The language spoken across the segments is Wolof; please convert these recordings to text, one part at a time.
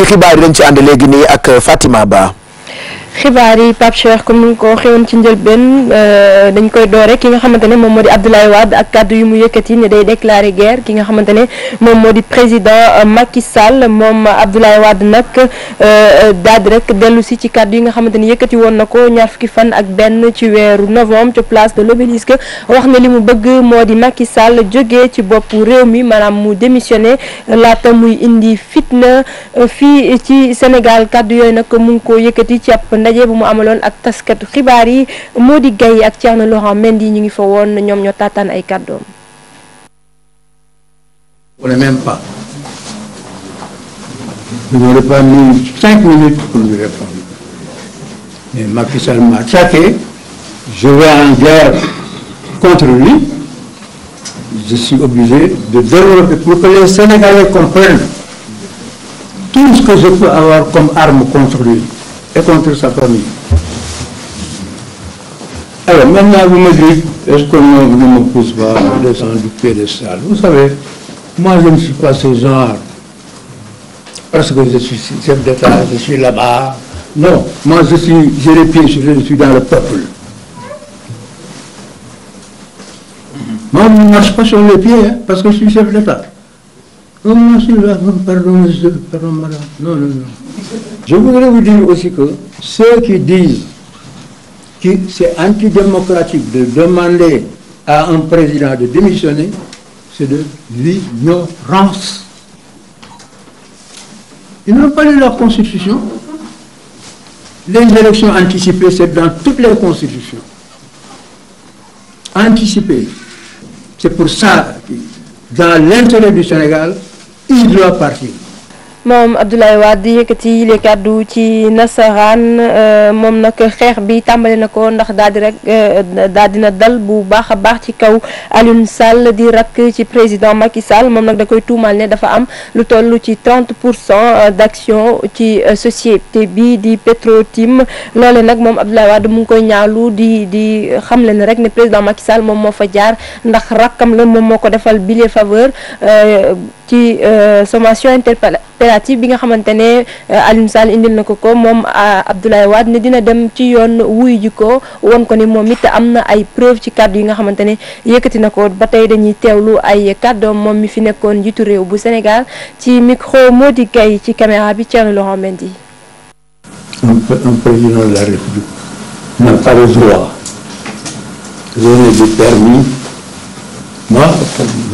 yi xibaar yi dañ ci ànd léegi nii ak Fatima Ba xibaar yi Pape Cheikh comme mu nga ko xewoon ci njëlbeen euh, dañ koy doore ki nga xamante ne moom moo di Abdoulaye Wade ak kaddu yi mu yëkkati ne day déclarer guerre ki nga xamante ne moom moo di président euh, Macky Sall moom Abdoulaye Wade nag euh, daal di rek dellu si ci kàddu yi nga xamante ne yëkkati woon na ko ñaar fukki fan ak benn ci weeru novembre ci place de l'Obélisque wax ne li mu bëgg moo di Macky Sall jógee ci bopp réew mi maanaam mu démissionné laata muy indi fitna fii ci Sénégal kàddu yooyu nag mu ngi ko ndaje bu mu ameloon ak taskatu xibaar yi Mody Gueye ak Thierno Laurent Mendy ñu ngi fa woon ñoom ñoo taataan ay kàddoom. on n'est même mais Macky Sall m'a attaqué je vais en guerre contre lui je suis obligé de développer pour que les Sénégalais comprennent tout ce que je peux avoir comme arme contre lui et contre sa famille. Alors maintenant, vous me dites, est-ce qu'on ne me pousse pas, on descend du piédestal Vous savez, moi je ne suis pas ce genre, parce que je suis chef d'État, je suis là-bas. Non, moi je suis, j'ai les pieds je suis dans le peuple. Moi, je ne marche pas sur les pieds, parce que je suis chef d'État. Non, non, non. Je voudrais vous dire aussi que ceux qui disent que c'est antidémocratique de demander à un président de démissionner, c'est de l'ignorance. Ils n'ont pas lu leur constitution. Les élections anticipées, c'est dans toutes les constitutions. Anticipées. C'est pour ça, dans l'intérêt du Sénégal, il doit partir. moom Abdoulaye Wade yëkkati yile kàddu ci nasaraan euh, moom nag xeex bi tàmbali na ko ndax daal di rek euh, daal dina dal bu baax a baax ci kaw Alioune Sall di rakk ci président Macky Sall moom nag da koy tuumal ne dafa am lu toll ci 30 pour cent euh, d'action ci société bi di Petrotim loole nag moom Abdoulaye Wade mu ngi koy ñaalu di di xam ne rek ne président Macky Sall moom moo fa jaar ndax rakkam la moom moo ko defal bile faveur ci sommation interpellée palliative bi nga xamante ne euh, Alioune Sall indil na ko ko moom euh, Abdoulaye Wade dina dem ci yoon wuyu ji ko won ko ni moom it am na ay preuve ci kàddu yi nga xamante ne yëkkati na ko ba tey dañuy teewlu ay kàddoom moom mi fi nekkoon njiitu réew bu Sénégal ci micro Mody Gueye ci caméra bi Thierno Laurent Mendy.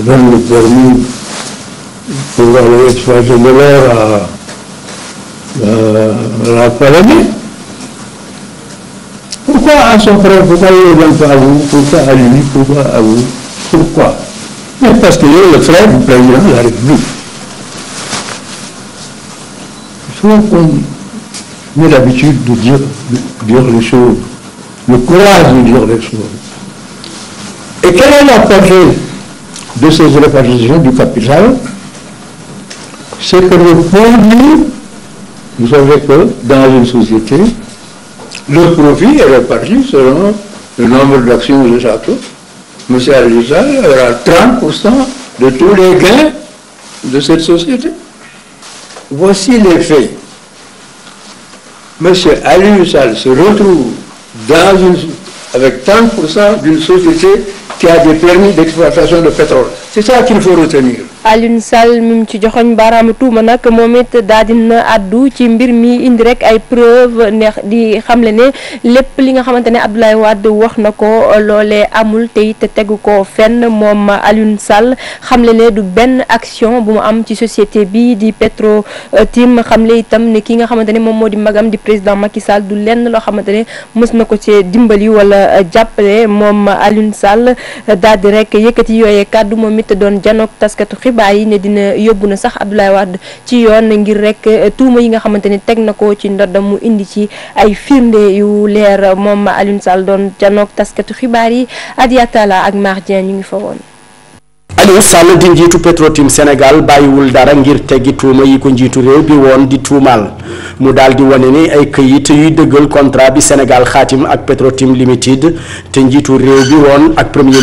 un à, la colonie. Pourquoi à son frère Pourquoi il ne donne Pourquoi à lui Pourquoi Parce qu'il est le frère du la République. Il faut qu'on ait l'habitude de dire, de dire le courage de dire les choses. Et quelle est la portée de ces répartitions du capital c'est que le vous savez que dans une société, le profit est réparti selon le nombre d'actions de chacun. Monsieur Alissa aura de tous les gains de cette société. Voici les faits. Monsieur Ali Hussal se retrouve dans une, société qui a des permis d'exploitation de pétrole. c'est ça qu'il faut retenir. Alioune Sall mi ci joxoñ baaraamu tuuma nag moom it daal na àddu ci mbir mi indi rek ay preuve neex di xamle ne lépp li nga xamante ne Abdoulaye Wade wax na ko loole amul te it tegu ko fenn moom Alioune Sall xamle ne du benn action bu mu am ci société bi di Petro Tim xamle itam ne ki nga xamante ne moom moo di magam di président Macky sal du lenn loo xamante ne mës na ko ci dimbali wala jàppale moom Alioune Sall daal di rek yëkkati yooyee te doon janook taskatu xibaar yi ne dina yóbbu na sax Abdoulaye Wade ci yoon ngir rek eh, tuuma yi nga xamante ni teg na ko ci ndoddam mu indi ci ay firnde yu leer moom Alioune Sall doon janook taskatu xibaar yi Adiatala ak Mar Dieng ñu ngi fa woon. Aliou Sall di njiitu Petro-Tim bàyyiwul dara ngir teggi tuuma yi ko njiitu réew bi woon di tuumaal mu daal di wane ni ay këyit yuy dëggal contrat bi Sénégal xaatim ak Petro-Tim Limited te njiitu réew woon ak premier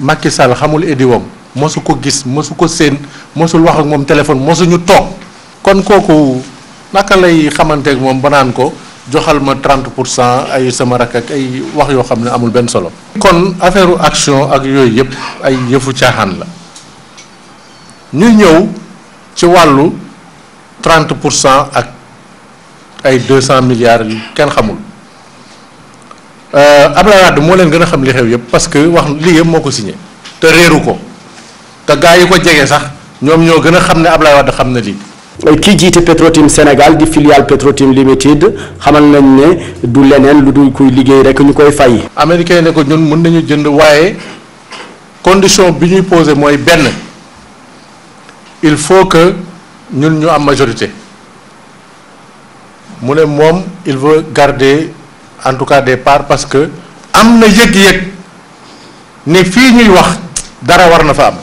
Macky Sall xamul édiwam mosu ko gis mosu ko séen mosul wax ak moom téléphone mosuñu toog kon kooku naka lay xamanteeg moom ba naan ko joxal ma trent pour cent ay sama rak ak ay wax yoo xam ne amul benn solo. kon affaire action ak yooyu yëpp ay yëfu caaxaan la ñu ñëw ci wàllu trent pour cent ak ay 200 milliards yu kenn xamul. Euh, Abdoulaye Wade moo leen gën a xam li xew yëpp parce que wax lii yëpp moo ko signé te réeru ko te gaa yi ko jege sax ñoom ñoo gën a xam ne Abdoulaye Wade xam na lii. kii jiite Petrotim Sénégal di filiale Petrotim Limited xamal nañ ne du leneen lu dul kuy liggéey rek ñu koy fay. américain ne ko ñun mën nañu jënd waaye condition bi ñuy posé mooy benn il faut que ñun ñu am majorité mu ne moom il veut garde en tout cas des parts parce que am na yëg-yëg ne fii ñuy wax dara war na fa am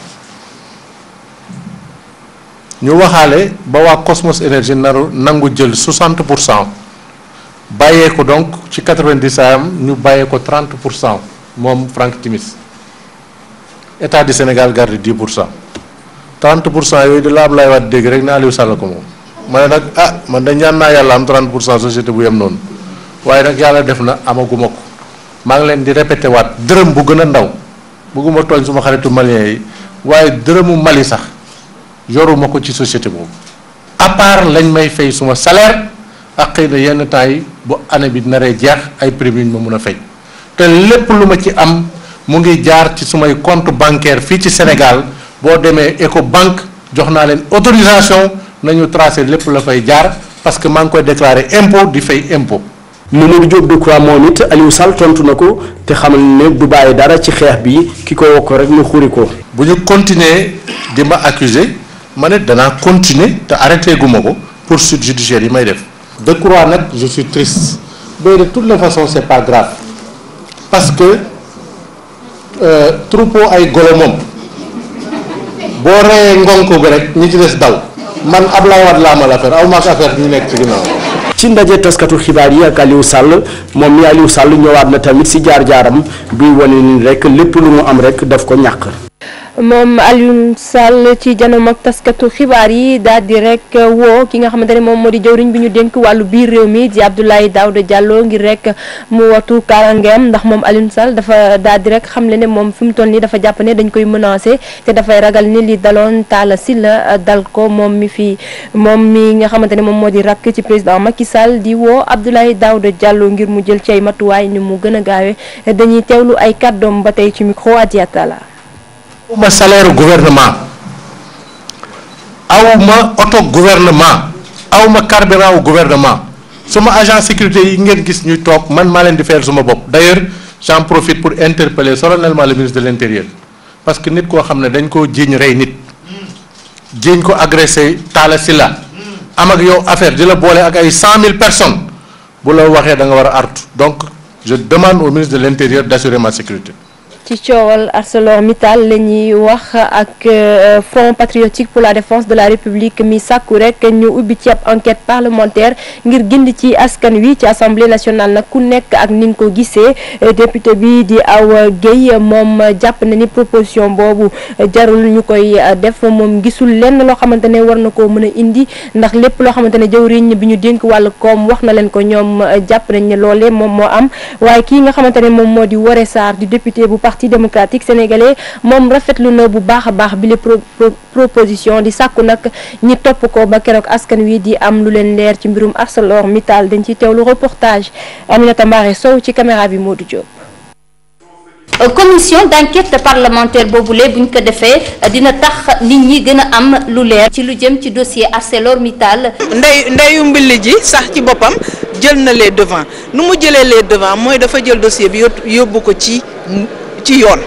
ñu waxaale ba waa Cosmos Énergie naru nangu jël 60 pour cent bàyyee ko donc ci 90 am ñu bàyyee ko trente pour cent moom Franck Timis état du Sénégal garde 10 pour cent 30 pour cent yooyu de la Abdoulaye Wade dégg rek ne Aliou Sall ko moom ma ne nag ah man da ñaan naa yàlla am 30 pour cent société bu yem noonu. waaye nag yàlla def na amaguma ko maa ngi leen di répété waat dërëm bu gën a ndaw bëgguma tooñ suma xaritu malien yi waaye dërëmu Mali sax yoruma ko ci société boobu à part lañ may fay suma salaire ak xëy na yenn temps yi bu année bi dina naree jeex ay primes ñu ma mun a fay te lépp lu ma ci am mu ngi jaar ci sumay compte banquer fii ci Sénégal boo demee Ecobank jox naa leen autorisation nañu tracé lépp la fay jaar parce que maa ngi koy déclarer impôt di fay impôt Mamadou Diop Decroix moom moo Aliou Sall tontu na ko te xamal ne du bàyyi dara ci xeex bi ki ko wokk rek ñu xuri ko. bu ñu continuer di ma accuser ma ne danaa continuer te arrêté gu ma ko poursuite judiciaire yi may def. Decroix nag je suis triste mais de toutes les façons c'est pas grave parce que euh, troupeau ay golo moom boo reyee ngonko bi rek ñi ci des daw man Ablaye Wade laa amal affaire aw ma ak affaire ñu nekk ci ginnaaw. ci ndaje taskatu xibaar yi ak Aliou Sall moom mi Aliou sàll ñëwaat na tamit si jaar-jaaram bi wane ni rekk lépp lu mu am rek daf ko ñàq moom Alioune Sall ci janoom ak taskatu xibaar yi daal di rek uh, woo ki nga xamante ne moom moo di jëwriñ bi ñu dénk wàllu biir réew mi di Abdoulaye Daouda jàlloo ngir rek mu watu karangeem ndax moom Alioune Sall dafa daal di rek xamle ne moom fi mu toll nii dafa jàpp ne dañ koy menacé te dafay ragal ni li daloon Talla Sylla uh, dal ko moom mi fi moom mi nga xamante ne moom moo di rakk ci président Macky Sall di woo Abdoulaye Daouda Diallo ngir mu jël ci ay matuwaay ni mu gën a gaawee dañuy teewlu ay kàddoom ba tey ci micro Adia Talla awma salaire gouvernement awma oto gouvernement awma carburant wu gouvernement suma agent sécurité yi ngeen gis ñuy toog man maa leen di fayal suma bopp d'ailleurs j'en profite pour interpeller solennellement le ministre de l'intérieur parce que nit koo xam ne dañ koo jiiñ rey nit jiiñ ko agressé taala si la am ak yow affaire di la boole ak ay cent mille personnes bu la waxee da nga war a artu donc je demande au ministre de l'intérieur d'assurer ma sécurité ci coowal ArcelorMittal la ñuy wax ak euh, Front patriotique pour la défense de la République mi sàkku rek ñu ubbi ci ab enquête parlementaire ngir gindi ci askan wi ci assemblée nationale na ku nekk ak ni ko gisee euh, député bi di aw Guèye moom jàpp na ni proposition boobu jarul ñu koy euh, def moom gisul lenn loo xamante ne war na koo mën a indi ndax lépp loo xamante ne jëwriñ bi ñu dénk wàllu koom wax na leen ko ñoom jàpp nañ ne loolee moom moo am waaye kii nga parti démocratique sénégalais moom rafetlu na bu baax a baax bi le proposition di sàkku nag ñi topp ko ba keroog askan wi di am lu leen leer ci mbirum ArcelorMittal dañ ci teewlu reportage Aminata Mbaré Sow ci caméra bi Modou Diop. commission d'enquête parlementaire boobule buñ ko defee dina tax nit ñi gën a am lu leer ci lu jëm ci dossier ArcelorMittal. ndey ndayu mbilli ji sax ci boppam jël na les devants nu mu jëlee les devants mooy dafa jël dossier bi yóbbu ko ci. ci yoon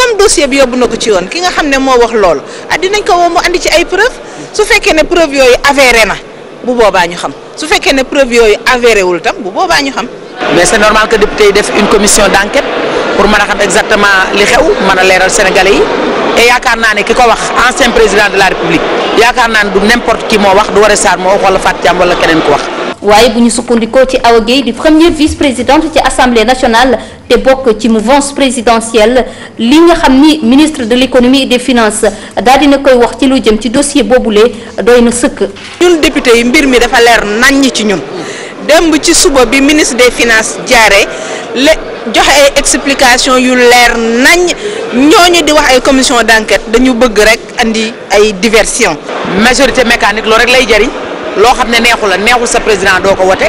comme dossier bi yóbbu na ko ci yoon ki nga xam ne moo wax loolu ah dinañ ko woo mu indi ci ay preuve su fekkee ne preuve yooyu avéré na bu boobaa ñu xam su fekkee ne preuve yooyu avéré wul tam bu boobaa ñu xam. mais c'est normal que député yi def une commission d'enquête pour mën a xam exactement li xew mën a leeral sénégalais yi et yaakaar naa ne ki ko wax ancien président de la république yaakaar naa ne du n'importe qui moo wax du Woré Sarr moo keneen ko wax. waaye bu ñu sukkandikoo ci Awa Gueye di première vice-présidente ci assemblée nationale te bokk ci mouvance présidentielle li nga xam ni ministre de l'économie et des finance daal dina koy wax ci lu jëm ci dossier boobule doy na sëkk. ñun député yi mbir mi dafa leer naññ ci ñun démb ci suba bi ministre des finances jaare la joxe ay explication yu leer nañ ñu di wax ay commission d'enquête dañu bëgg rek andi ay diversion. majorité mécanique loolu rek lay jariñ. loo xam ne neexu la neexul sa président doo ko wote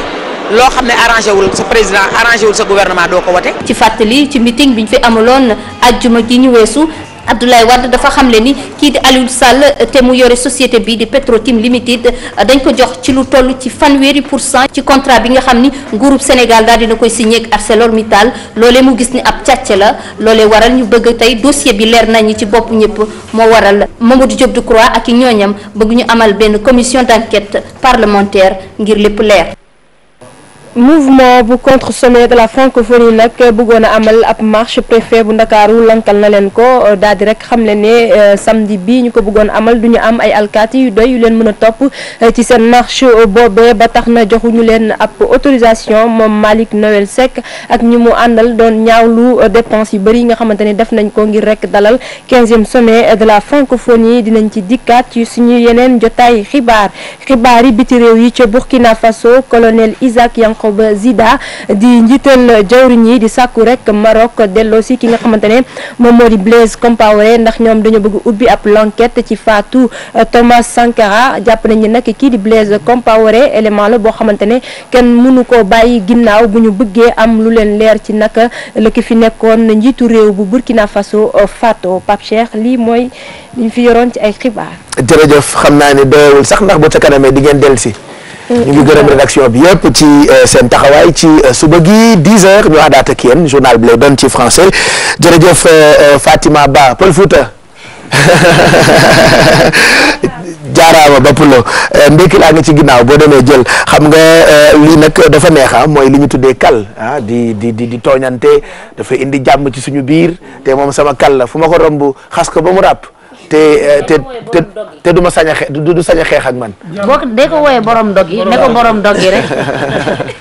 loo xam ne arrangé wul sa président arrangé wul sa gouvernement doo ko wote. ci fàttali ci meeting bi ñu fi amaloon ajjuma gi ñu weesu Abdoulaye Wade dafa xamle ni kii di Aliou Sall euh, te mu yore société bi di Petrotim Limited euh, dañ ko jox ci lu toll ci fanweeri pour cent ci contrat bi nga xam ni nguurub Sénégal daal dina koy signé ak ArcelorMittal loolee mu gis ni ab càcc la loole waral ñu bëgg tey dossier bi leer nañu ci bopp ñëpp moo waral Mamadou Diop Decroix ak i ñooñam bëgg ñu amal benn commission d'enquête parlementaire ngir lépp leer. mouvement bu contre sommet de la francophonie nag bëggoon a amal ab marche préfet bu ndakaaru lankal na leen ko euh, daal di rek xam le ne euh, samedi bi ñu ko bëggoon amal du ñu am ay alkaati yu doy yu leen mën a topp euh, ci seen marche boobee ba tax na joxuñu leen ab autorisation moom Malick Noël Seck ak ñi mu àndal doon ñaaw lu dépense yu bëri yi nga xamante ne def nañ ko ngir rek dalal 15e sommet de la francophonie dinañ ci dikkaat ci suñu yeneen jotaay xibaar xibaar yi biti réew yi ca Burkina Faso colonel Isaac Yacoub Zida di njiital jawriñ yi di sàkku rek Maroc delloo si ki nga xamante ne moom moo di Blaise Compaoré ndax ñoom dañoo bëgg ubbi ab lanket ci faatu euh, Thomas Sankara jàpp nañ ni nag kii di Blaise Compaoré élément la boo xamante ne kenn mënu koo bàyyi ginnaaw bu ñu bëggee am lu leen leer ci naka la ki fi nekkoon njiitu réew bu Burkina Faso euh, fato Pape Cheikh lii mooy li ñu fi yoroon ci ay xibaar. jërëjëf xam naa ni doyewul sax ndax bu ca kanamee di ngeen dellu si. ñu ngi gërëm rédaction bi yëpp ci euh, seen taxawaay ci euh, suba gi 10 heures ñu àndaat ak yéen journal bi lay ci français jërëjëf euh, Fatima Ba Pël Fouta jaaraama ba pulo ndekki laa nga ci ginnaaw boo demee jël xam nga lii nag dafa neexa ah, mooy li ñu tuddee kal ah, di di di di tooñante dafa indi jàmm ci suñu biir te moom sama kal la fu ma ko romb xas ko ba mu ràpp te eh, te te te du ma sañ a xee du sañ a xeex ak man. boo ko dee borom dog yi ko borom dog